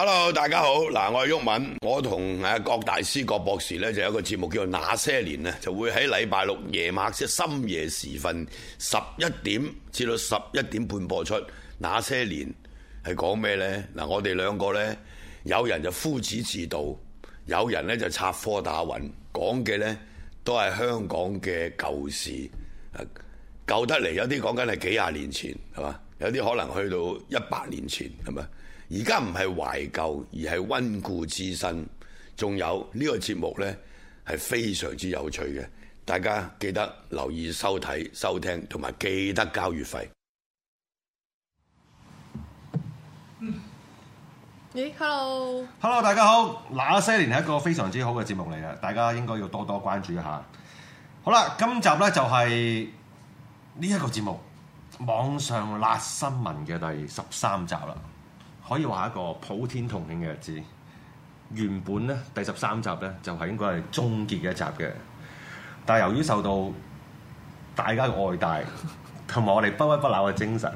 hello，大家好，嗱，我係郁敏，我同阿郭大師、郭博士咧，就有一個節目叫做《那些年》咧，就會喺禮拜六夜晚即深夜時分十一點至到十一點半播出。那些年係講咩呢？嗱，我哋兩個呢，有人就夫子自道，有人呢就插科打諢，講嘅呢，都係香港嘅舊事，舊得嚟有啲講緊係幾廿年前，係嘛？有啲可能去到一百年前，係咪？而家唔係懷舊，而係溫故知新。仲有呢、呢個節目呢係非常之有趣嘅。大家記得留意收睇、收聽，同埋記得交月費。嗯，欸，hello，hello，大家好。那些年係一個非常之好嘅節目嚟嘅，大家應該要多多關注一下。好啦，今集呢就係呢一個節目《網上辣新聞》嘅第十三集啦。可以話一個普天同慶嘅日子。原本咧第十三集咧就係應該係終結嘅一集嘅，但係由於受到大家嘅愛戴同埋我哋不屈不撓嘅精神，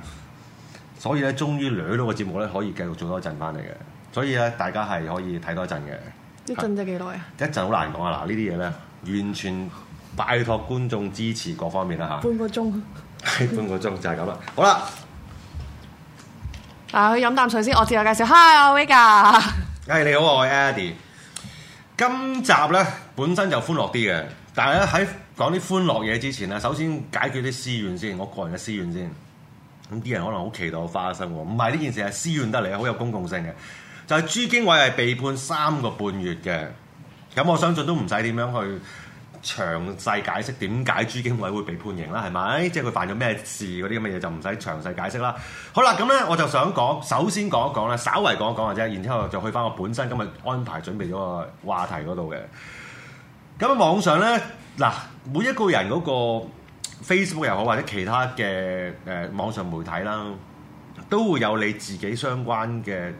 所以咧終於留到個節目咧可以繼續做多一陣翻嚟嘅。所以咧大家係可以睇多一陣嘅。一陣即係幾耐啊？一陣好難講啊！嗱，呢啲嘢咧完全拜託觀眾支持各方面啦嚇。 半個鐘。係半個鐘就係咁啦。好啦。嗱，去飲啖水先，我自我介紹，Hi，I'm Vega。誒，hey, 你好，我係 Addie。今集咧本身就歡樂啲嘅，但係咧喺講啲歡樂嘢之前咧，首先解決啲私怨先，我個人嘅私怨先。咁啲人可能好期待我花生，唔係呢件事係私怨得嚟，好有公共性嘅。就係、是、朱經緯係被判三個半月嘅，咁我相信都唔使點樣去，詳細解釋點解朱經緯會被判刑啦，係咪？即係佢犯咗咩事嗰啲咁嘅嘢就唔使詳細解釋啦。好啦，咁呢，我就想講，首先講一講咧，稍微講一講嘅啫，然之後就去返我本身今日安排準備嗰個話題嗰度嘅。咁網上呢，嗱，每一個人嗰個 Facebook 又好或者其他嘅誒、呃、網上媒體啦，都會有你自己相關嘅，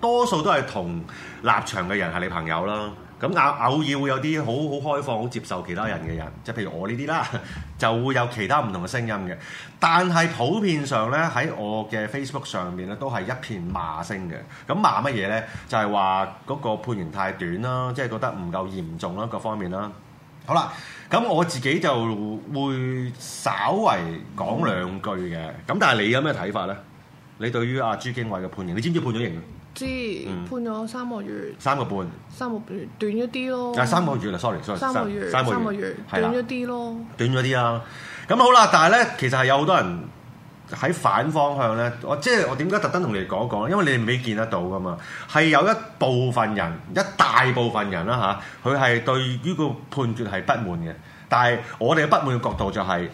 多數都係同立場嘅人係你朋友啦。咁偶偶爾會有啲好好開放、好接受其他人嘅人，即係譬如我呢啲啦， 就會有其他唔同嘅聲音嘅。但係普遍上咧，喺我嘅 Facebook 上面咧，都係一片罵聲嘅。咁罵乜嘢咧？就係話嗰個判刑太短啦，即係覺得唔夠嚴重啦，各方面啦。好啦，咁我自己就會稍為講兩句嘅。咁、嗯、但係你有咩睇法咧？你對於阿、啊、朱經緯嘅判刑，你知唔知判咗刑？知、嗯、判咗三個月，三個半，三個半，短咗啲咯。但係三個月啊，sorry sorry，三個月三個月短咗啲咯。短咗啲啦，咁好啦。但係咧，其實係有好多人喺反方向咧。我即係我點解特登同你哋講一講？因為你哋未見得到噶嘛。係有一部分人，一大部分人啦吓，佢、啊、係對於個判決係不滿嘅。但係我哋嘅不滿嘅角度就係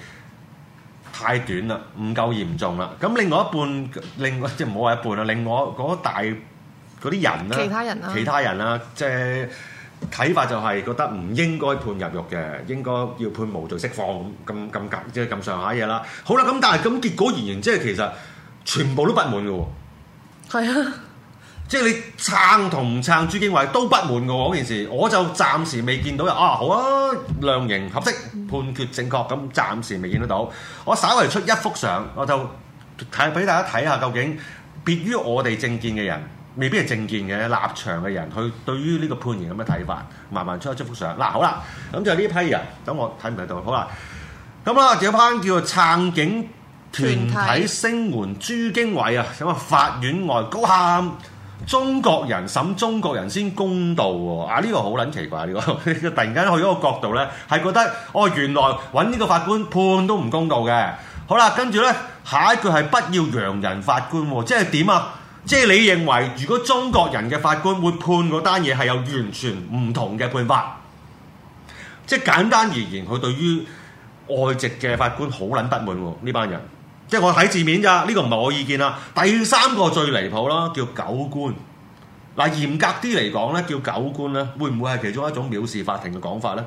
太短啦，唔夠嚴重啦。咁另外一半，另外即係唔好話一半啦，另外嗰大。啲人咧、啊，其他人啦、啊，其他人啦、啊，即係睇法就係覺得唔應該判入獄嘅，應該要判無罪釋放咁咁咁咁上下嘢啦。好啦，咁但係咁結果而言，即係其實全部都不滿嘅喎。係是啊，即係你撐同唔撐朱經緯都不滿嘅喎嗰件事，我就暫時未見到啊。好啊，量刑合適，判決正確，咁、嗯、暫時未見得到。我稍微出一幅相，我就睇俾大家睇下究竟別於我哋政見嘅人。未必係政見嘅立場嘅人，佢對於呢個判刑有咩睇法？慢慢出一出幅相。嗱、啊，好啦，咁就係呢批人。等我睇唔睇到？好啦，咁啦，有一班叫做撐警團體聲援朱經緯啊，咁啊，法院外高喊、啊、中國人審中國人先公道喎、啊。啊，呢、這個好撚奇怪，呢、這個突然間去一個角度咧，係覺得哦，原來揾呢個法官判都唔公道嘅。好啦，跟住咧，下一句係不要洋人法官、啊，即係點啊？即係你認為，如果中國人嘅法官會判嗰單嘢係有完全唔同嘅判法，即係簡單而言，佢對於外籍嘅法官好撚不滿喎。呢班人，即係我睇字面咋，呢、呢個唔係我意見啦。第三個最離譜啦，叫狗官。嗱，嚴格啲嚟講咧，叫狗官咧，會唔會係其中一種藐視法庭嘅講法咧？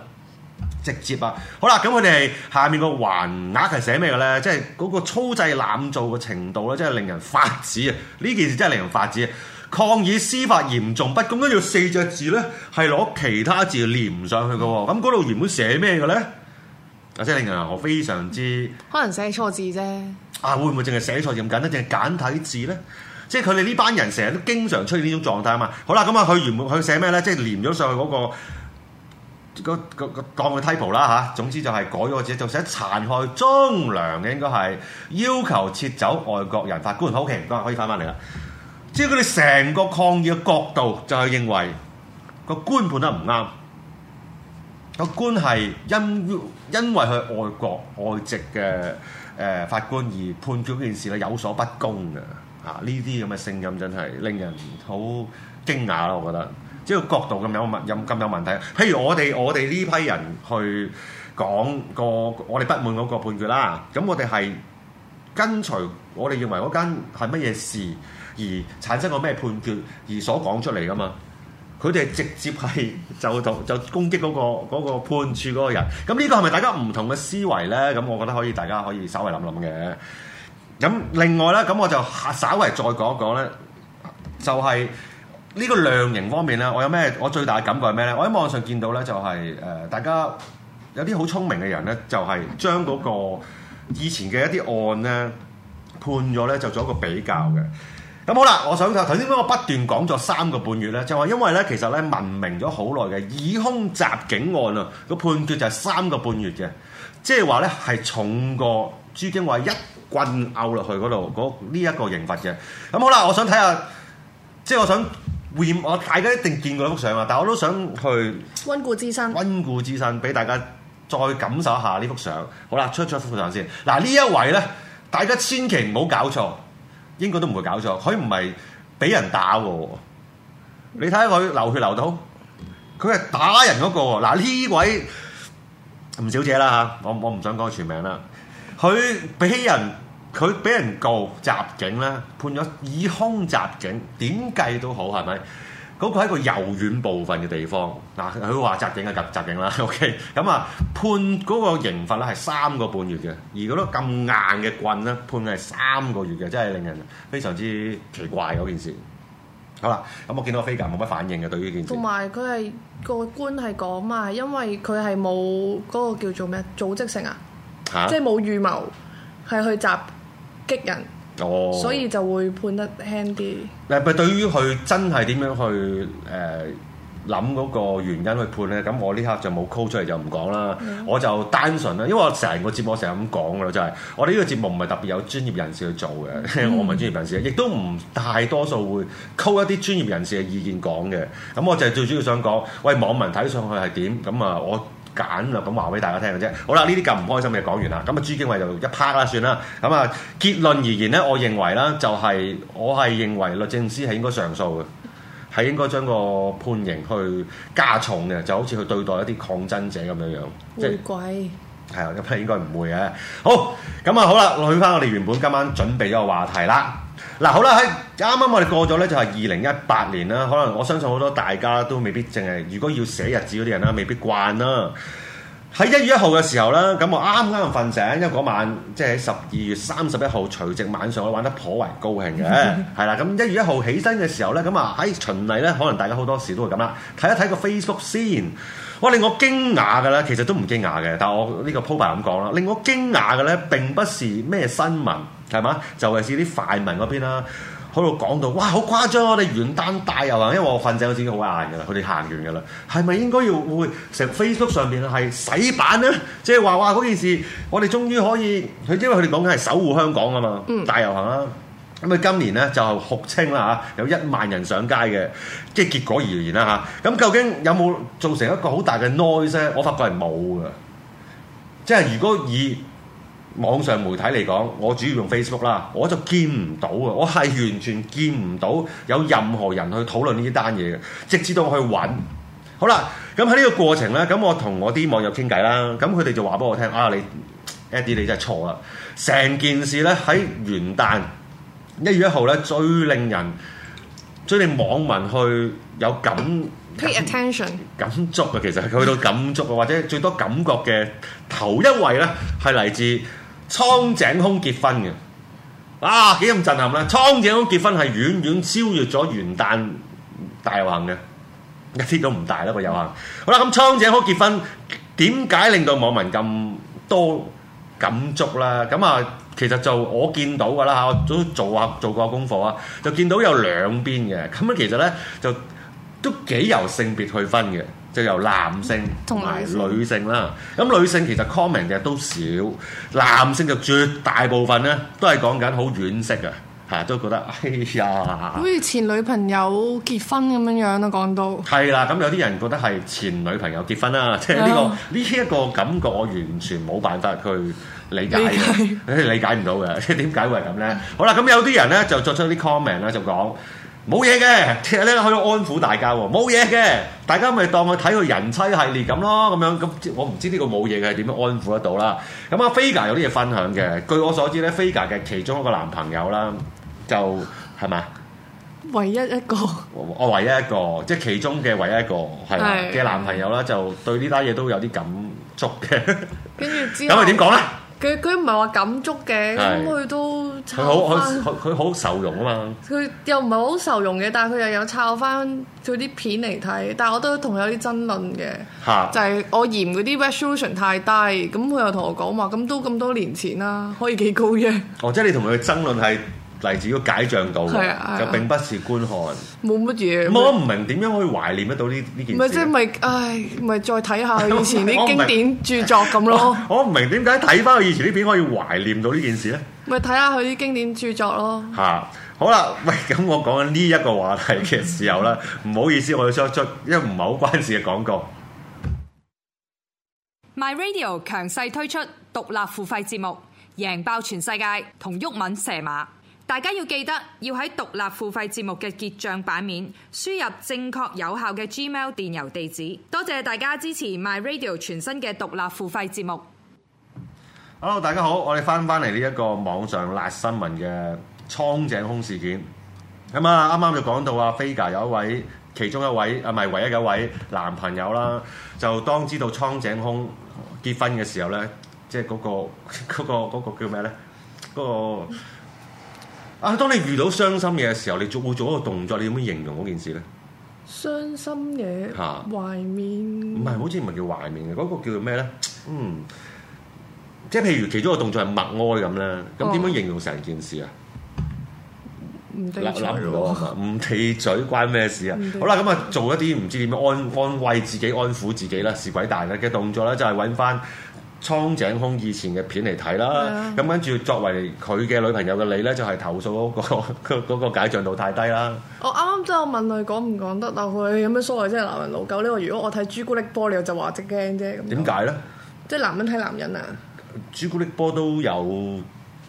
直接啊！好啦，咁佢哋下面個橫額係寫咩嘅咧？即係嗰個粗製濫造嘅程度咧，真係令人髮指啊！呢件事真係令人髮指啊！抗議司法嚴重不公，跟住四隻字咧係攞其他字連唔上去嘅喎。咁嗰度原本寫咩嘅咧？啊，即係令人我非常之可能寫錯字啫。啊，會唔會淨係寫錯字咁簡單？淨係簡體字咧？即係佢哋呢班人成日都經常出現呢種狀態啊嘛。好啦，咁啊，佢原本佢寫咩咧？即係連咗上去嗰、那個。個個個抗議梯步啦嚇，總之就係改咗個字，就寫殘害忠良嘅，應該係要求撤走外國人法官。好，唔該，可以翻翻嚟啦。即係佢哋成個抗議嘅角度就係認為個官判得唔啱，個官係因因為佢外國外籍嘅誒法官而判決呢件事咧有所不公嘅。嚇，呢啲咁嘅聲音真係令人好驚訝咯，我覺得。即係角度咁有問，咁有問題。譬如我哋，我哋呢批人去講個，我哋不滿嗰個判決啦。咁我哋係跟隨我哋認為嗰間係乜嘢事而產生個咩判決而所講出嚟噶嘛？佢哋直接係就同就攻擊嗰個嗰個判處嗰個人。咁呢個係咪大家唔同嘅思維咧？咁我覺得可以，大家可以稍微諗諗嘅。咁另外咧，咁我就稍為再講一講咧，就係、是。呢個量刑方面咧，我有咩？我最大嘅感覺係咩咧？我喺網上見到咧、就是，就係誒，大家有啲好聰明嘅人咧，就係將嗰個以前嘅一啲案咧判咗咧，就做一個比較嘅。咁好啦，我想睇頭先，我不斷講咗三個半月咧，就話、是、因為咧，其實咧，聞名咗好耐嘅以兇襲警案啊，個判決就係三個半月嘅，即係話咧係重過朱經緯一棍拗落去嗰度嗰呢一個刑罰嘅。咁好啦，我想睇下，即係我想。我大家一定見過呢幅相啊，但係我都想去温故知新，温故知新，俾大家再感受一下呢幅相。好啦，出一出一幅相先。嗱，呢一位咧，大家千祈唔好搞錯，應該都唔會搞錯。佢唔係俾人打喎，你睇下佢流血流到，佢係打人嗰個。嗱，呢位吳小姐啦嚇，我我唔想講全名啦，佢俾人。佢俾人告襲警咧，判咗以胸襲警，點計都好，係咪？嗰、嗰個喺個柔軟部分嘅地方嗱，佢話襲警就襲警啦。OK，咁、嗯、啊判嗰個刑罰咧係三個半月嘅，而嗰個咁硬嘅棍咧判係三個月嘅，真係令人非常之奇怪嗰件事。好啦，咁我見到 Vega 冇乜反應嘅，對呢件事。同埋佢係個官係講嘛，因為佢係冇嗰個叫做咩組織性啊，啊即係冇預謀係去襲。激人，oh. 所以就會判得輕啲。誒，對於佢真係點樣去誒諗嗰個原因去判咧？咁我呢刻就冇 call 出嚟就唔講啦。Yeah. 我就單純咧，因為我成個節目成日咁講噶咯，就係我哋呢個節目唔係特別有專業人士去做嘅，mm. 我唔係專業人士，亦都唔太多數會 call 一啲專業人士嘅意見講嘅。咁我就係最主要想講，喂網民睇上去係點？咁啊我。簡略咁話俾大家聽嘅啫。好啦，呢啲咁唔開心嘅講完啦。咁啊，朱經緯就一 part 啦，算啦。咁啊，結論而言咧，我認為啦、就係，就係我係認為律政司係應該上訴嘅，係應該將個判刑去加重嘅，就好似去對待一啲抗爭者咁樣樣。會貴鬼？係啊，一 part 應該唔會嘅。好，咁啊，好啦，落翻我哋原本今晚準備咗個話題啦。嗱好啦，喺啱啱我哋過咗呢，就係二零一八年啦。可能我相信好多大家都未必淨係，如果要寫日子嗰啲人啦，未必慣啦。喺一月一號嘅時候呢，咁我啱啱瞓醒，因為嗰晚即係喺十二月三十一號除夕晚上，我玩得頗為高興嘅，係 啦。咁一月一號起身嘅時候呢，咁啊喺循例呢，可能大家好多時都會咁啦，睇一睇個 Facebook 先。我令我驚訝嘅呢，其實都唔驚訝嘅，但係我呢個鋪排咁講啦，令我驚訝嘅呢，並不是咩新聞。係嘛？就係似啲泛民嗰邊啦，喺度講到哇，好誇張哦！我哋元旦大遊行，因為我瞓醒嗰時已經好晏嘅啦，佢哋行完嘅啦，係咪應該要會成 Facebook 上邊係洗版咧？即係話哇，嗰件事我哋終於可以，佢因為佢哋講緊係守護香港啊嘛，大遊行啊，咁啊、嗯、今年咧就號稱啦嚇，有一萬人上街嘅，即係結果而言啦嚇。咁究竟有冇造成一個好大嘅 noise？我發覺係冇嘅，即係如果以網上媒體嚟講，我主要用 Facebook 啦，我就見唔到啊！我係完全見唔到有任何人去討論呢單嘢嘅，直至到我去揾。好啦，咁喺呢個過程咧，咁我同我啲網友傾偈啦，咁佢哋就話俾我聽啊，你 Addie 你真係錯啦！成件事咧喺元旦一月一號咧，最令人最令網民去有感 pay attention 感觸嘅，其實去到感觸啊， 或者最多感覺嘅頭一位咧，係嚟自，蒼井空結婚嘅，啊，幾咁震撼啦！蒼井空結婚係遠遠超越咗元旦大遊行嘅，一啲都唔大啦。個遊行。好啦，咁蒼井空結婚點解令到網民咁多感觸啦？咁啊，其實就我見到噶啦吓，我都做下做過功課啊，就見到有兩邊嘅，咁樣其實咧就都幾由性別去分嘅。就由男性同埋女性啦，咁女，女性其實 comment 嘅都少，男性就絕大部分咧都係講緊好惋惜嘅，嚇都覺得哎呀，好似前女朋友結婚咁樣樣啦，講到係啦，咁有啲人覺得係前女朋友結婚啦，Yeah. 即係呢、呢個呢一、呢個感覺，我完全冇辦法去理解嘅，理解唔到嘅，即係點解會係咁咧？好啦，咁有啲人咧就作出啲 comment 咧，就講。冇嘢嘅，其實咧可以安撫大家喎，冇嘢嘅，大家咪當佢睇佢人妻系列咁咯，咁樣咁，我唔知呢個冇嘢嘅係點樣安撫得到啦。咁阿 Vega 有啲嘢分享嘅，據我所知咧，Vega 嘅其中一個男朋友啦，就係咪？唯一一個 我唯一一個，即係其中嘅唯一一個，係嘅是的 男朋友啦，就對呢單嘢都有啲感觸嘅。跟住之後，咁佢點講咧？佢佢唔係話感觸嘅，咁佢是都佢好佢好受容啊嘛。佢又唔係好受容嘅，但係佢又有抄翻佢啲片嚟睇。但係我都同佢有啲爭論嘅， 就係我嫌嗰啲 resolution 太低，咁佢又同我講話，咁都咁多年前啦，可以幾高嘅。哦，即係你同佢嘅爭論係。來自個解像度，就並不是觀看，冇乜嘢。我唔明點樣可以懷念得到呢呢件事。唔係即係咪？唉，咪再睇下以前啲經典著作咁咯。我唔明點解睇翻佢以前啲片可以懷念到呢件事咧？咪睇下佢啲經典著作咯。吓！好啦，喂，咁我講緊呢一個話題嘅時候咧，唔好意思，我要出出，因為唔係好關事嘅廣告。My Radio 強勢推出獨立付費節目，贏爆全世界同毓民射馬。大家要記得要喺獨立付費節目嘅結賬版面輸入正確有效嘅 Gmail 電郵地址。多謝大家支持 My Radio 全新嘅獨立付費節目。Hello，大家好，我哋翻翻嚟呢一個網上辣新聞嘅蒼井空事件。咁啊，啱啱就講到啊，Vega 有一位其中一位啊，唔係唯一嘅一位男朋友啦，就當知道蒼井空結婚嘅時候咧，即係嗰個嗰個嗰個叫咩咧，嗰個。啊！當你遇到傷心嘢嘅時候，你做會做一個動作，你點樣形容嗰件事咧？傷心嘢，嚇懷面、啊？唔係，好似唔係叫懷面，嘅、那、嗰個叫做咩咧？嗯，即係譬如其中一個動作係默哀咁咧，咁點樣形容成件事啊？唔對嘴，唔對嘴關咩事啊？好啦，咁啊做一啲唔知點樣安安慰自己、安撫自己啦，事鬼大嘅動作咧，就係揾翻。蒼井空以前嘅片嚟睇啦，咁跟住作為佢嘅女朋友嘅你咧，就係、是、投訴嗰、那個、 個解像度太低啦。哦、我啱啱就問佢講唔講得啊？佢咁樣有咩所謂，即係男人老狗呢個。如果我睇朱古力波，你就話隻鏡啫。點解咧？即係男人睇男人啊！朱古力波都有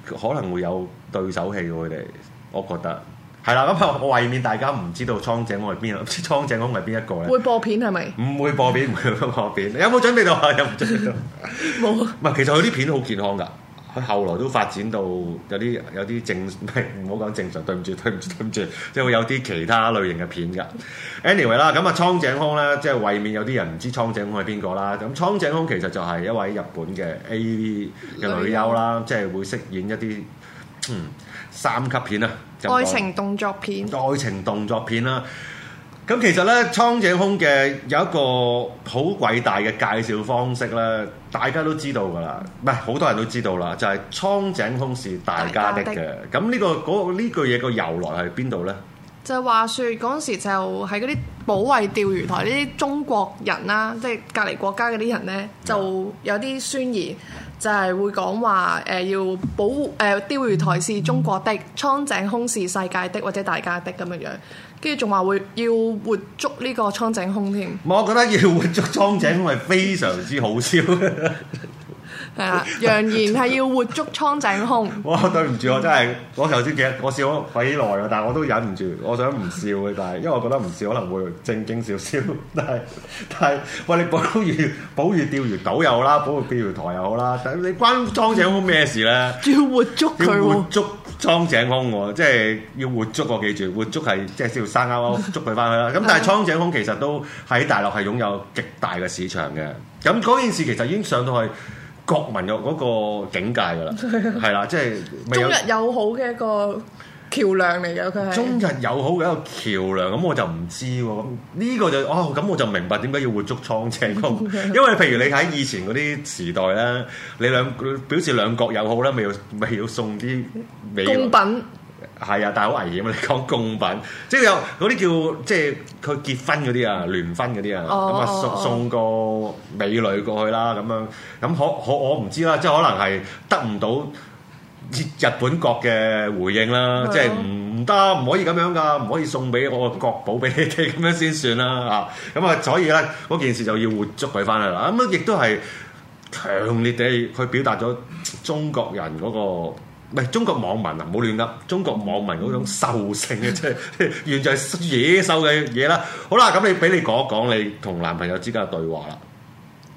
可能會有對手戲喎，佢哋，我覺得。係啦，咁啊，為免大家唔知道蒼井空係邊，唔知蒼井空係邊一個咧？會播片係咪？唔會播片，唔會播片。你 有冇準備到？有唔準備到？冇 有啊！唔係，其實佢啲片好健康噶。佢後來都發展到有啲有啲正，唔好講正常。對唔住，對唔住，對唔住，即係 會有啲其他類型嘅片噶 Any。anyway 啦，咁啊，蒼井空咧，即係為免有啲人唔知蒼井空係邊個啦。咁蒼井空其實就係一位日本嘅 AV 嘅女優啦，即係的會飾演一啲嗯。三級片啊！愛情動作片，愛情動作片啦。咁其實咧，蒼井空嘅有一個好偉大嘅介紹方式啦，大家都知道㗎啦，唔係好多人都知道啦，就係、是、蒼井空是大家的嘅。咁呢、這個嗰呢、那個、句嘢個由來係邊度咧？就話説嗰時就喺嗰啲保衛釣魚台呢啲、嗯、中國人啦，即、就、係、是、隔籬國家嗰啲人咧，就有啲宣言。嗯嗯就係會講話，誒要保護誒釣魚台是中國的，蒼井空是世界的或者大家的咁樣樣，跟住仲話會要活捉呢個蒼井空添。嗯、我覺得要活捉蒼井空係非常之好笑。 係啊，揚言係要活捉蒼井空。哇，對唔住，我真係我頭先記得我笑咗鬼耐，但係我都忍唔住，我想唔笑嘅，但係因為我覺得唔笑可能會正經少少，但係但係喂，你保魚保魚釣魚島又好啦，保釣魚釣魚台又好啦，但你關蒼井空咩事咧？要活捉佢、啊，要活捉蒼井空，即係要活捉我記住，活捉係即係先要生勾勾捉佢翻去啦。咁但係蒼 井空其實都喺大陸係擁有極大嘅市場嘅。咁嗰件事其實已經上到去。國民嘅嗰個境界㗎啦，係啦， 即係中日友好嘅一個橋梁嚟嘅，佢係中日友好嘅一個橋梁，咁我就唔知喎，呢個就，哦，咁我就明白點解要活捉蒼井空， 因為譬如你喺以前嗰啲時代咧，你兩表示兩國友好咧，咪要咪要送啲美公品。係啊，但係好危險啊！你講供品，即係有嗰啲叫即係佢結婚嗰啲啊，聯婚嗰啲啊，咁啊、哦哦哦哦、送送個美女過去啦，咁樣咁可可我唔知啦，即係可能係得唔到日本國嘅回應啦，是哦、即係唔得，唔可以咁樣噶，唔可以送俾我個國寶俾你哋咁樣先算啦嚇。咁啊，所以咧嗰件事就要活捉佢翻嚟啦。咁樣亦都係強烈地去表達咗中國人嗰、嗰個。唔係中國網民啊，唔好亂噏。中國網民嗰種獸性嘅，即係 完全係野獸嘅嘢啦。好啦，咁你俾你講一講你同男朋友之間嘅對話啦。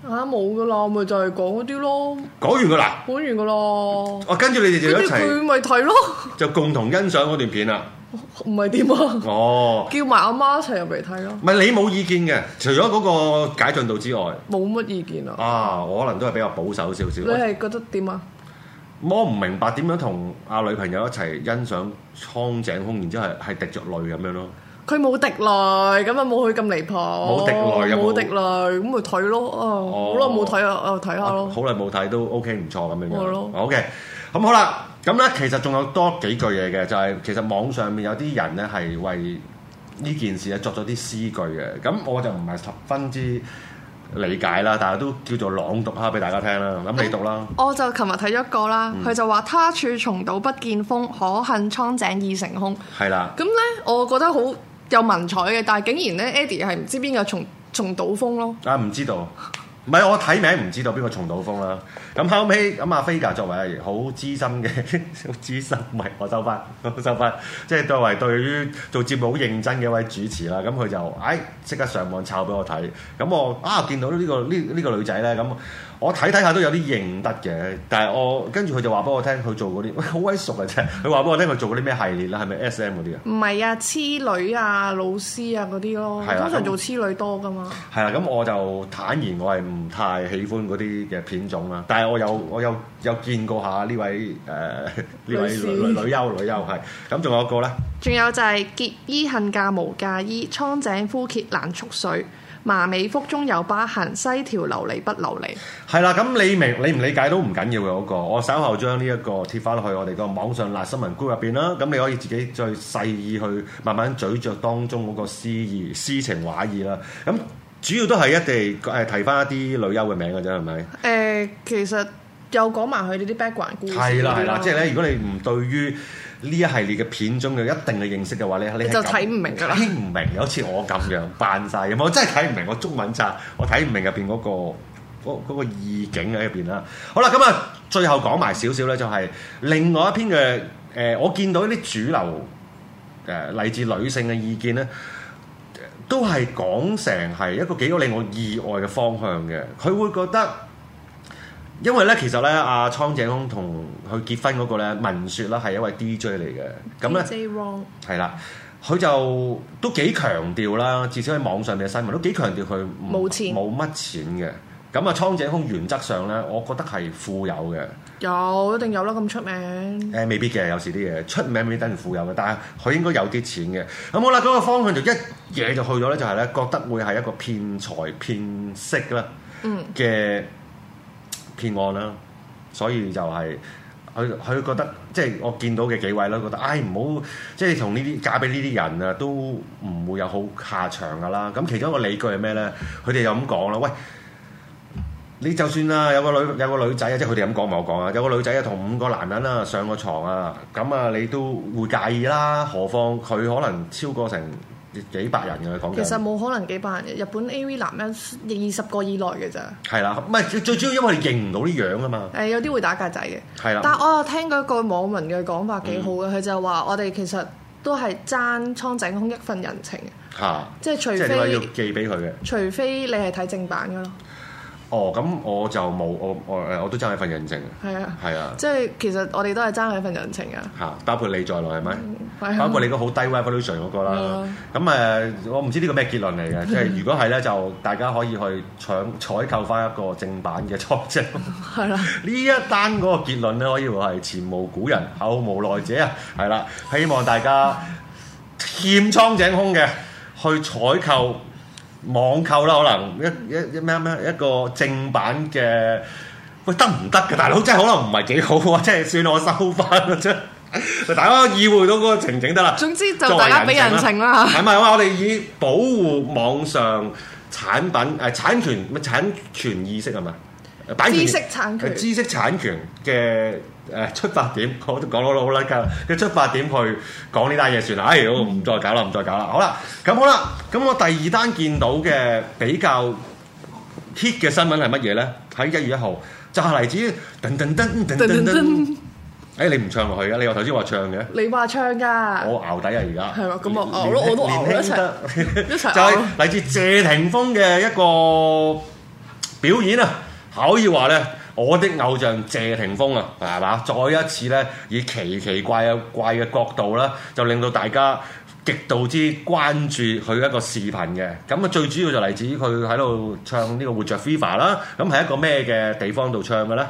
啊，冇噶啦，咪就係講嗰啲咯。講完噶啦，講完噶啦。哦、啊，跟住你哋就一齊，佢咪睇咯，就共同欣賞嗰段片啦。唔係點啊？啊哦，叫埋阿媽一齊入嚟睇咯。唔係你冇意見嘅，除咗嗰個解進度之外，冇乜意見啊。啊，我可能都係比較保守少少。你係覺得點啊？我唔明白點樣同阿女朋友一齊欣賞蒼井空，然之後係滴著淚咁樣咯。佢冇滴淚，咁啊冇佢咁離譜。冇滴淚，冇滴淚，咁咪睇咯。啊，好耐冇睇啊，啊睇下咯。Okay. 嗯、好耐冇睇都 OK 唔錯咁樣。係咯，OK，咁好啦。咁咧其實仲有多幾句嘢嘅，就係、是、其實網上面有啲人咧係為呢件事啊作咗啲詩句嘅。咁我就唔係十分之，理解啦，但係都叫做朗讀下俾大家聽啦。咁你讀啦、啊，我就琴日睇咗一個啦，佢就話他處重島不見風，可恨蒼井已成空。係啦的，咁咧，我覺得好有文采嘅，但係竟然咧，Addie 係唔知邊個重重島風咯啊，唔知道。唔係，我睇名唔知道邊個重刀鋒啦。咁後尾，咁阿 f 格 k e r 作為好資深嘅，好資深唔係我收翻，我收翻，即係都係對於做節目好認真嘅一位主持啦。咁佢就誒即刻上網抄俾我睇。咁我啊見到呢、這個呢呢、這個這個女仔咧咁。我睇睇下都有啲認得嘅，但係我跟住佢就話俾我聽，佢做嗰啲喂好鬼熟嘅啫。佢話俾我聽，佢做嗰啲咩系列啦，係咪 S.M. 嗰啲啊？唔係啊，痴女啊，老師啊嗰啲咯，啊、通常做痴女多噶嘛。係啦、啊，咁我就坦然，我係唔太喜歡嗰啲嘅片種啦。但係我有我有有見過下呢位誒呢、呃、士 位女女優女優係，咁仲、嗯、有一個咧？仲有就係、是、結衣恨嫁，嫁無嫁，嫁衣，蒼井枯竭難蓄水。麻尾腹中有疤痕，西條流離不流離你，你不留你。係啦，咁你明你唔理解都唔緊要嘅嗰、那個，我稍後將呢一個貼翻落去我哋個網上辣新聞區入邊啦。咁、那個、你可以自己再細意去慢慢咀嚼當中嗰、那個詩意、詩情畫意啦。咁主要都係一定誒提翻一啲女優嘅名嘅啫，係咪？誒、呃，其實又講埋佢哋啲 background 故事。係啦係啦，即係咧，如果你唔對於。呢一系列嘅片中有一定嘅認識嘅話咧，你，你，你就睇唔明噶啦，聽唔明。有似我咁樣扮晒，曬，我真係睇唔明。我中文渣？我睇唔明入邊嗰個意境喺入邊啦。好啦，咁啊，最後講埋少少咧，就係另外一篇嘅誒、呃，我見到啲主流誒嚟自女性嘅意見咧，都係講成係一個幾個令我意外嘅方向嘅。佢會覺得。因為咧，其實咧，阿、啊、蒼井空同佢結婚嗰個咧，文說啦，係一位 DJ 嚟嘅，咁咧係啦，佢就都幾強調啦，至少喺網上面嘅新聞都幾強調佢冇沒錢冇乜錢嘅。咁啊，蒼井空原則上咧，我覺得係富有嘅，有一定有啦，咁出名誒、欸，未必嘅，有時啲嘢出名未必等於富有嘅，但係佢應該有啲錢嘅。咁好啦，嗰、那個方向就一嘢就去咗咧，就係咧覺得會係一個騙財騙色啦嘅。案啦，所以就係佢佢覺得即係我見到嘅幾位啦，覺得唉，唔好即係同呢啲嫁俾呢啲人啊，都唔會有好下場㗎啦。咁其中一個理據係咩咧？佢哋又咁講啦，喂，你就算啊有個女有個女仔啊，即係佢哋咁講冇講啊，有個女仔啊同五個男人啊上個床啊，咁啊你都會介意啦，何況佢可能超過成。幾百人嘅講，其實冇可能幾百人嘅。日本 AV 男人二十個以內嘅咋。係啦，唔係最主要，因為你認唔到啲樣啊嘛。誒、呃，有啲會打格仔嘅。係啦的。但係我聽過一個網民嘅講法幾好嘅，佢、嗯、就話我哋其實都係爭蒼井空一份人情啊。即係除非要寄俾佢嘅，除非你係睇正版嘅咯。哦，咁我就冇，我我我都爭係份人情。係啊，係啊，即係其實我哋都係爭一份人情啊。嚇，包括你在內係咪？是是嗯、包括你嗰好低 revolution 嗰、嗯、個啦。咁誒、嗯，我唔知呢個咩結論嚟嘅， 即係如果係咧，就大家可以去搶採，採購翻一個正版嘅初正。係啦、 啊，呢一單嗰個結論咧，可以話係前無古人後無來者啊。係啦，希望大家欠蒼井空嘅去採購。 網購啦，可能一一咩咩一,一個正版嘅，喂得唔得㗎大佬？真係可能唔係幾好，即係算我收翻啦啫。大家意會到嗰個情景得啦。總之就大家俾人情啦。係咪 我哋以保護網上產品誒產權咩產權意識係嘛？擺知識產權知識產權嘅。誒出發點，我都講到好撚鳩。嘅出發點去講呢單嘢算啦。哎，我唔再搞啦，唔再搞啦。好啦，咁好啦。咁我第二單見到嘅比較 hit 嘅新聞係乜嘢咧？喺一月一號，就係嚟自噔噔噔噔噔噔。哎，你唔唱落去㗎？你話頭先話唱嘅？你話唱㗎？我熬底啊，而家係咯，咁我熬我都熬得一齊。就係嚟自謝霆鋒嘅一個表演啊，可以話咧。我的偶像謝霆鋒啊，係嘛？再一次咧，以奇奇怪怪嘅角度咧，就令到大家極度之關注佢一個視頻嘅。咁啊，最主要就嚟自於佢喺度唱呢、呢個《活着》FIFA 啦。咁喺一個咩嘅地方度唱嘅咧？誒、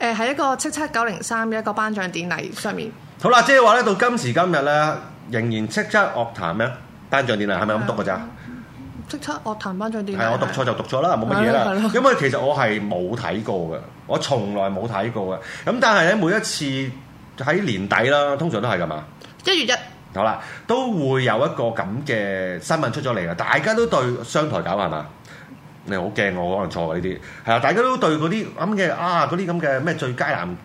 呃，喺一個七七九零三嘅一個頒獎典禮上面。好啦，即係話咧，到今時今日咧，仍然叱咤樂壇咩？頒獎典禮係咪咁讀㗎咋？嗯即刻我壇頒獎典禮，係啊！讀錯就讀錯啦，冇乜嘢啦。因為其實我係冇睇過嘅，我從來冇睇過嘅。咁但係咧，每一次喺年底啦，通常都係咁啊，一月一，好啦，都會有一個咁嘅新聞出咗嚟啊！大家都對商台搞係嘛？你好驚我可能錯呢啲係啊！大家都對嗰啲咁嘅啊嗰啲咁嘅咩最佳男。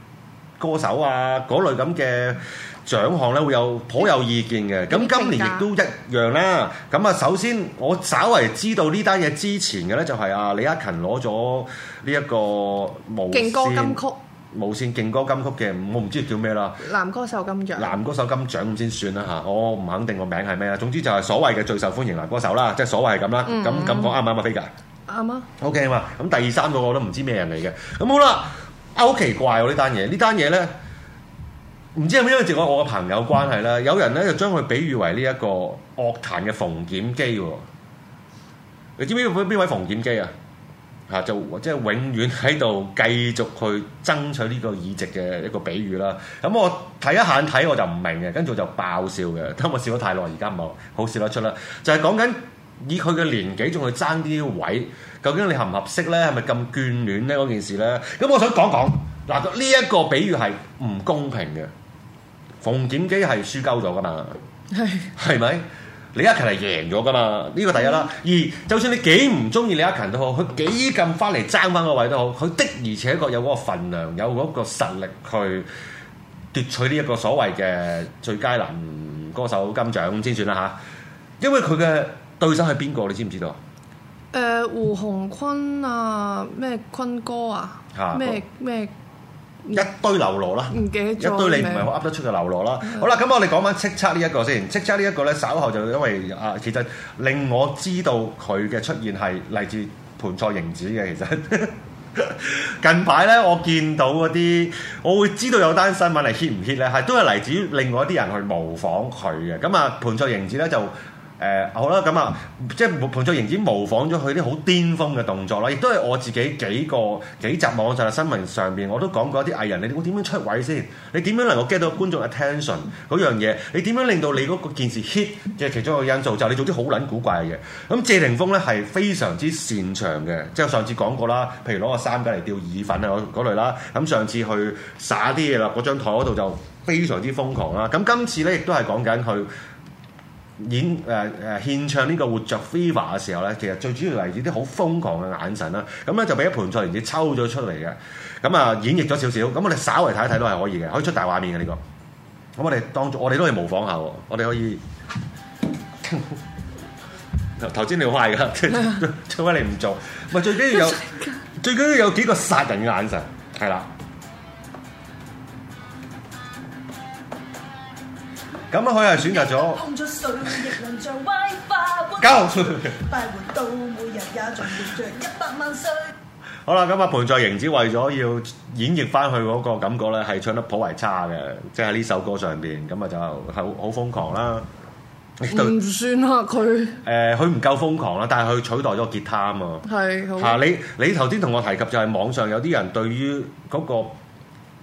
歌手啊，嗰類咁嘅獎項咧，會有頗有意見嘅。咁今年亦都一樣啦。咁啊，首先我稍為知道呢單嘢之前嘅咧，就係啊李克勤攞咗呢一個無線勁歌金曲，無線勁歌金曲嘅，我唔知叫咩啦。男歌手金獎，男歌手金獎咁先算啦吓，我唔肯定個名係咩啦。總之就係所謂嘅最受歡迎男歌手啦，即係所謂係咁啦。咁咁講啱唔啱啊，飛姐？啱啊。OK 嘛。咁第三個我都唔知咩人嚟嘅。咁好啦。好奇怪呢我呢單嘢，呢單嘢咧唔知係咪因為我我嘅朋友關係啦，嗯、有人咧就將佢比喻為呢一個樂壇嘅馮檢基喎。你知唔知邊位馮檢基啊？嚇、啊、就即係永遠喺度繼續去爭取呢個議席嘅一個比喻啦。咁、嗯、我睇一眼睇我就唔明嘅，跟住我就爆笑嘅。睇我笑咗太耐，而家唔係好笑得出啦。就係講緊。以佢嘅年紀仲去爭啲位，究竟你合唔合適咧？係咪咁眷戀咧？嗰件事咧？咁、嗯嗯、我想講講，嗱呢一個比喻係唔公平嘅。馮檢基係輸鳩咗噶嘛？係係咪？李克勤係贏咗噶嘛？呢、呢個第一啦。二，就算你幾唔中意李克勤都好，佢幾咁翻嚟爭翻個位都好，佢的而且確有嗰個份量，有嗰個實力去奪取呢一個所謂嘅最佳男歌手金獎先算啦嚇。因為佢嘅。對手係邊個？你知唔知道？誒、呃，胡鴻坤啊，咩坤哥啊，咩咩、啊、一堆流羅啦，唔記得一堆你唔係好噏得出嘅流羅啦。呃、好啦，咁我哋講翻叱咤呢一個先，叱咤呢一個咧，稍後就因為啊，其實令我知道佢嘅出現係嚟自盤菜瑩子嘅。其實 近排咧，我見到嗰啲，我會知道有單新聞嚟 hit 唔 hit 咧，係都係嚟自於另外一啲人去模仿佢嘅。咁啊，盤菜瑩子咧就。誒、嗯、好啦，咁啊，即係彭卓盈已模仿咗佢啲好巔峰嘅動作啦，亦都係我自己幾個幾集網上新聞上面，我都講過一啲藝人，你點樣出位先？你點樣能夠 get 到觀眾 attention 嗰樣嘢？你點樣令到你嗰件事 hit？嘅其中一個因素就係、是、你做啲好撚古怪嘅嘢。咁謝霆鋒咧係非常之擅長嘅，即係我上次講過啦，譬如攞個三腳嚟吊耳粉啊嗰類啦。咁上次去撒啲嘢啦，嗰張台嗰度就非常之瘋狂啦。咁今次咧亦都係講緊佢。演誒誒獻唱呢個活著 Fever 嘅時候咧，其實最主要嚟自啲好瘋狂嘅眼神啦，咁咧就俾一盤菜嚟自抽咗出嚟嘅，咁啊演繹咗少少，咁我哋稍為睇一睇都係可以嘅，可以出大畫面嘅呢、呢個，咁我哋當我哋都可以模仿下我哋可以頭頭先你好壞噶，做乜 你唔做？唔係最緊要有， 最緊要， 要有幾個殺人嘅眼神，係啦。咁啊，佢係選擇咗。到上 每日活一百萬歲。好啦，咁啊，盤在瑩子為咗要演繹翻佢嗰個感覺咧，係唱得頗為差嘅，即係呢首歌上邊，咁啊就好好瘋狂啦。唔算啊，佢誒，佢唔、呃、夠瘋狂啦，但係佢取代咗吉他啊嘛。係嚇、啊，你你頭先同我提及就係、是、網上有啲人對於嗰、那個。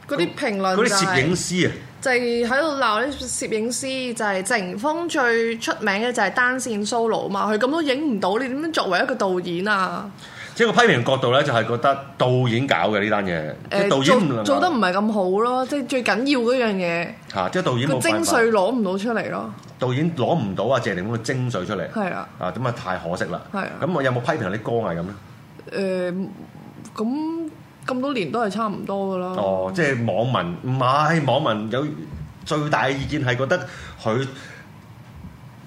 嗰啲評論，嗰啲攝影師啊，就係喺度鬧啲攝影師，就係謝霆鋒最出名嘅就係單線 solo 嘛，佢咁都影唔到，你點樣作為一個導演啊？即係個批評角度咧，就係覺得導演搞嘅呢單嘢，呃、導演做，做得唔係咁好咯，即係最緊要嗰樣嘢。吓、嗯，即係導演佢精髓攞唔到出嚟咯，導演攞唔到啊，謝霆鋒嘅精髓出嚟，係啦，啊，咁啊太可惜啦，係啊，咁我有冇批評啲歌藝咁咧？誒、嗯，咁。咁多年都係差唔多噶啦。哦，即係網民唔係網民有最大嘅意見係覺得佢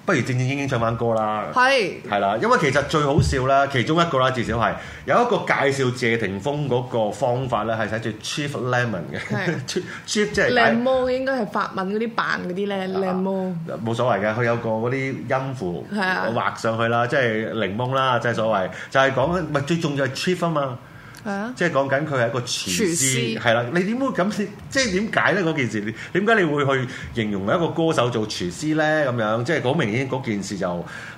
不如正正經經唱翻歌啦。係係啦，因為其實最好笑咧，其中一個啦，至少係有一個介紹謝霆鋒嗰個方法咧，係寫住 chief lemon 嘅 chief 即係檸檬，應該係法文嗰啲扮嗰啲咧，檸檬冇、啊、所謂嘅，佢有個嗰啲音符畫上去啦的，即係檸檬啦，即係所謂就係講緊咪最重就係 chief 啊嘛。係啊，即係講緊佢係一個廚師，係啦師。你點會咁先？即係點解咧？嗰件事，點解你會去形容一個歌手做廚師咧？咁樣，即係好明顯嗰件事就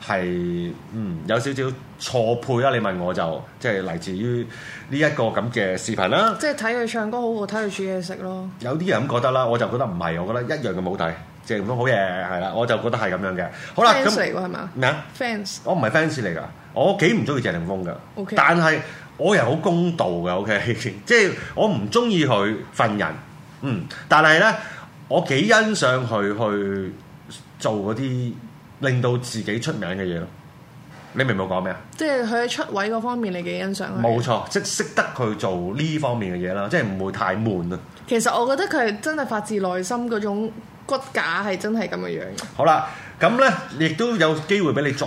係、是，嗯，有少少錯配啦。你問我就，即係嚟自於呢一個咁嘅視頻啦、啊。即係睇佢唱歌好，好，睇佢煮嘢食咯。有啲人咁覺得啦，我就覺得唔係，我覺得一樣咁好睇。謝霆鋒好嘢，係啦，我就覺得係咁樣嘅。好啦咁，fans 嚟係嘛？咩啊？fans？麼 fans? 我唔係 fans 嚟噶，我幾唔中意謝霆鋒噶。OK，但係。我又好公道嘅，OK， 即係我唔中意佢份人，嗯，但係咧，我幾欣賞佢去做嗰啲令到自己出名嘅嘢咯。你明唔明我講咩啊？即係佢喺出位嗰方面，你幾欣賞？冇錯，即係識得佢做呢方面嘅嘢啦，即係唔會太悶啊。其實我覺得佢係真係發自內心嗰種骨架係真係咁嘅樣。好啦，咁咧亦都有機會俾你再。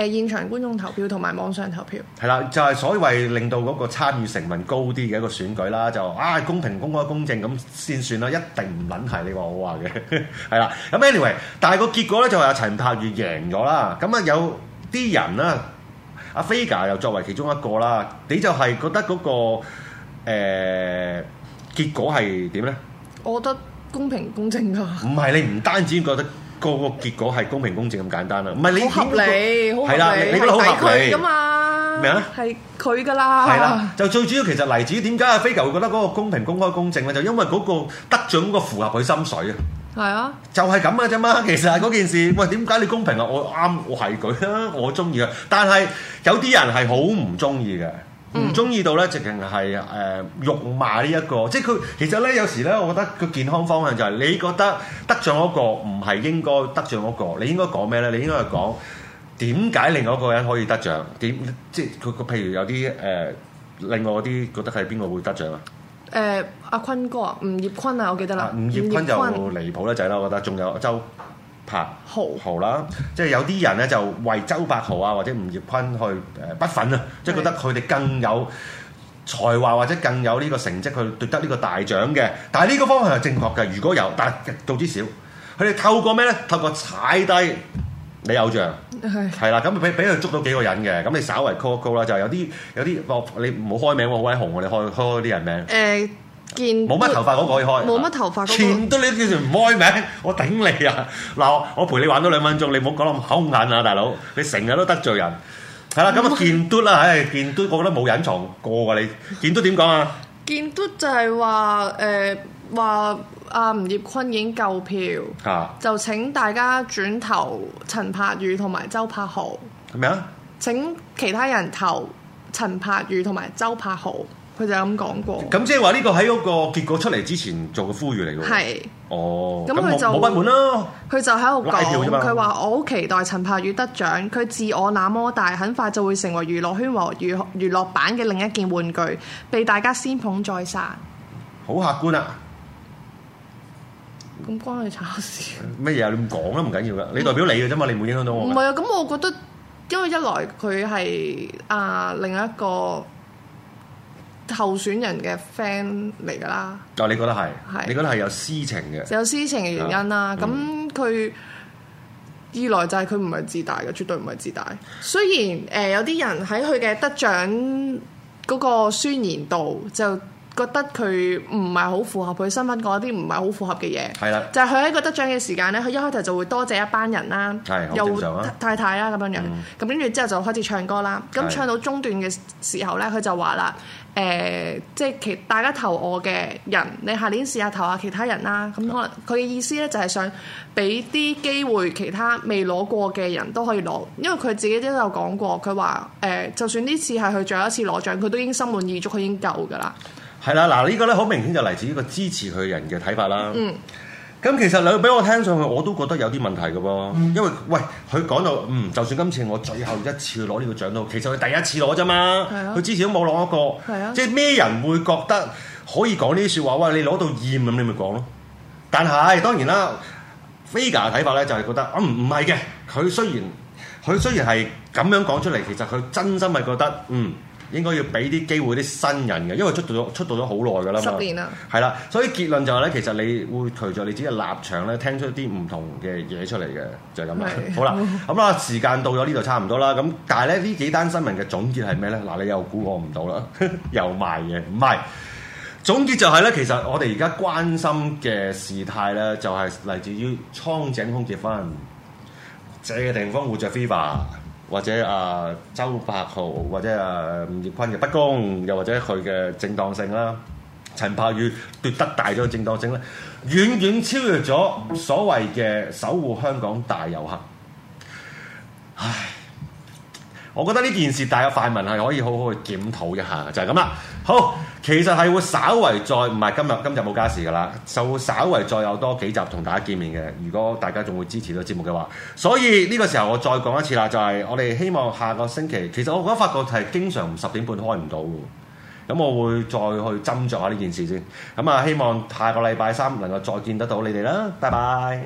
誒，現場觀眾投票同埋網上投票係啦，就係、是、所謂令到嗰個參與成文高啲嘅一個選舉啦，就啊公平、公開、公正咁先算啦，一定唔撚係你話我話嘅係啦。咁 anyway，但係個結果咧就係阿陳柏宇贏咗啦。咁啊有啲人啦，阿 Vega 又作為其中一個啦，你就係覺得嗰、那個誒、欸、結果係點咧？我覺得公平公正㗎。唔係你唔單止覺得。個個結果係公平公正咁簡單啦，唔係你好合理，好合理，係佢噶嘛？咩啊？係佢噶啦。係啦，就最主要其實嚟自於點解阿飛球會覺得嗰個公平、公開、公正咧？就因為嗰個得獎嗰個符合佢心水啊。係啊，就係咁嘅啫嘛。其實嗰件事，喂，點解你公平啊？我啱，我係佢，我中意啊。但係有啲人係好唔中意嘅。唔中意到咧，直情係誒辱罵呢一個，即係佢其實咧有時咧，我覺得個健康方向就係你覺得得獎嗰個唔係應該得獎嗰、嗰個，你應該講咩咧？你應該係講點解另外一個人可以得獎？點即係佢佢譬如有啲誒、呃、另外嗰啲覺得係邊個會得獎啊？誒、呃、阿坤哥啊，吳業坤啊，我記得啦、啊，吳業坤，吳業坤就離譜咧就係啦，我覺得仲有阿周。嚇豪豪啦，即係有啲人咧就為周柏豪啊或者吳業坤去誒、呃、不忿啊，是的 即係覺得佢哋更有才華或者更有呢個成績去奪得呢個大獎嘅。但係呢個方向係正確嘅，如果有，但係極度之少。佢哋透過咩咧？透過踩低你偶像係啦，咁俾俾佢捉到幾個人嘅，咁你稍微 call 一 call 啦，就有啲有啲、哦，你唔好開名喎，威雄，紅喎，你開開啲人名。欸冇乜頭髮嗰個可以開，冇乜頭髮、嗰個。建都你叫做唔開名，我頂你啊！嗱， 我陪你玩多兩分鐘，你唔好講咁口眼啊，大佬！你成日都得罪人，係啦、嗯，咁啊建都啦，唉、哎，建都，我覺得冇隱藏過㗎你。建都點講啊？建都就係話誒話阿吳業坤已經夠票，嚇、啊、就請大家轉投陳柏宇同埋周柏豪。係咪啊？請其他人投陳柏宇同埋周柏豪。佢就咁講過，咁即係話呢個喺嗰個結果出嚟之前做嘅呼籲嚟嘅喎。係、oh，哦，咁佢就好不滿咯。佢就喺度拉票啫嘛。佢話：嗯、我好期待陳柏宇得獎。佢自我那麼大，很快就會成為娛樂圈和娛娛樂版嘅另一件玩具，被大家先捧再殺。好客觀啊！咁關你炒事？乜嘢你唔講都唔緊要噶。你代表你嘅啫嘛，嗯、你唔會影響到我。唔係啊！咁我覺得，因為一來佢係啊另一個。候選人嘅 friend 嚟噶啦，啊、哦，你覺得係？係是，你覺得係有私情嘅？有私情嘅原因啦、啊。咁佢二來就係佢唔係自大嘅，絕對唔係自大。雖然誒、呃、有啲人喺佢嘅得獎嗰個宣言度就。覺得佢唔係好符合佢身份嗰啲唔係好符合嘅嘢係啦，是的 就係佢喺一個得獎嘅時間咧，佢一開頭就會多謝一班人啦，係好又太太啦咁、嗯、樣樣咁，跟住之後就開始唱歌啦。咁唱到中段嘅時候咧，佢就話啦，誒即係其大家投我嘅人，你下年試下投下其他人啦。咁可能佢嘅意思咧就係想俾啲機會其他未攞過嘅人都可以攞，因為佢自己都有講過，佢話誒就算呢次係佢最後一次攞獎，佢都已經心滿意足，佢已經夠㗎啦。係啦，嗱，呢個咧好明顯就嚟自呢個支持佢人嘅睇法啦。嗯。咁其實你俾我聽上去，我都覺得有啲問題嘅噃。嗯。因為喂，佢講到嗯，就算今次我最後一次攞呢個獎都好，其實佢第一次攞啫嘛。係啊。佢之前都冇攞過。係啊。即係咩人會覺得可以講呢啲説話？喂，你攞到厭咁，你咪講咯。但係當然啦，Vega 嘅睇法咧就係覺得，嗯，唔係嘅。佢雖然佢雖然係咁樣講出嚟，其實佢真心係覺得嗯。應該要俾啲機會啲新人嘅，因為出道咗出道咗好耐㗎啦。十年啦。係啦，所以結論就係咧，其實你會隨著你自己嘅立場咧，聽出啲唔同嘅嘢出嚟嘅，就係咁啦。的好啦了，咁啊，時間到咗呢度差唔多啦。咁，但係咧呢幾單新聞嘅總結係咩咧？嗱，你又估我唔到啦， 又賣嘢，唔係總結就係咧，其實我哋而家關心嘅事態咧，就係嚟自於蒼井空結婚，謝霆鋒活著飛華，或者啊，周柏豪或者啊吳業坤嘅不公，又或者佢嘅正當性啦，陳柏宇奪得大咗嘅正當性咧，遠遠超越咗所謂嘅守護香港大遊行。唉，我覺得呢件事，大家泛民係可以好好去檢討一下，就係咁啦。好，其實係會稍為再唔係今日，今日冇加時㗎啦，就會稍為再有多幾集同大家見面嘅。如果大家仲會支持呢個節目嘅話，所以呢個時候我再講一次啦，就係我哋希望下個星期，其實我覺得發覺係經常十點半開唔到嘅，咁我會再去斟酌下呢件事先。咁啊，希望下個禮拜三能夠再見得到你哋啦，拜拜。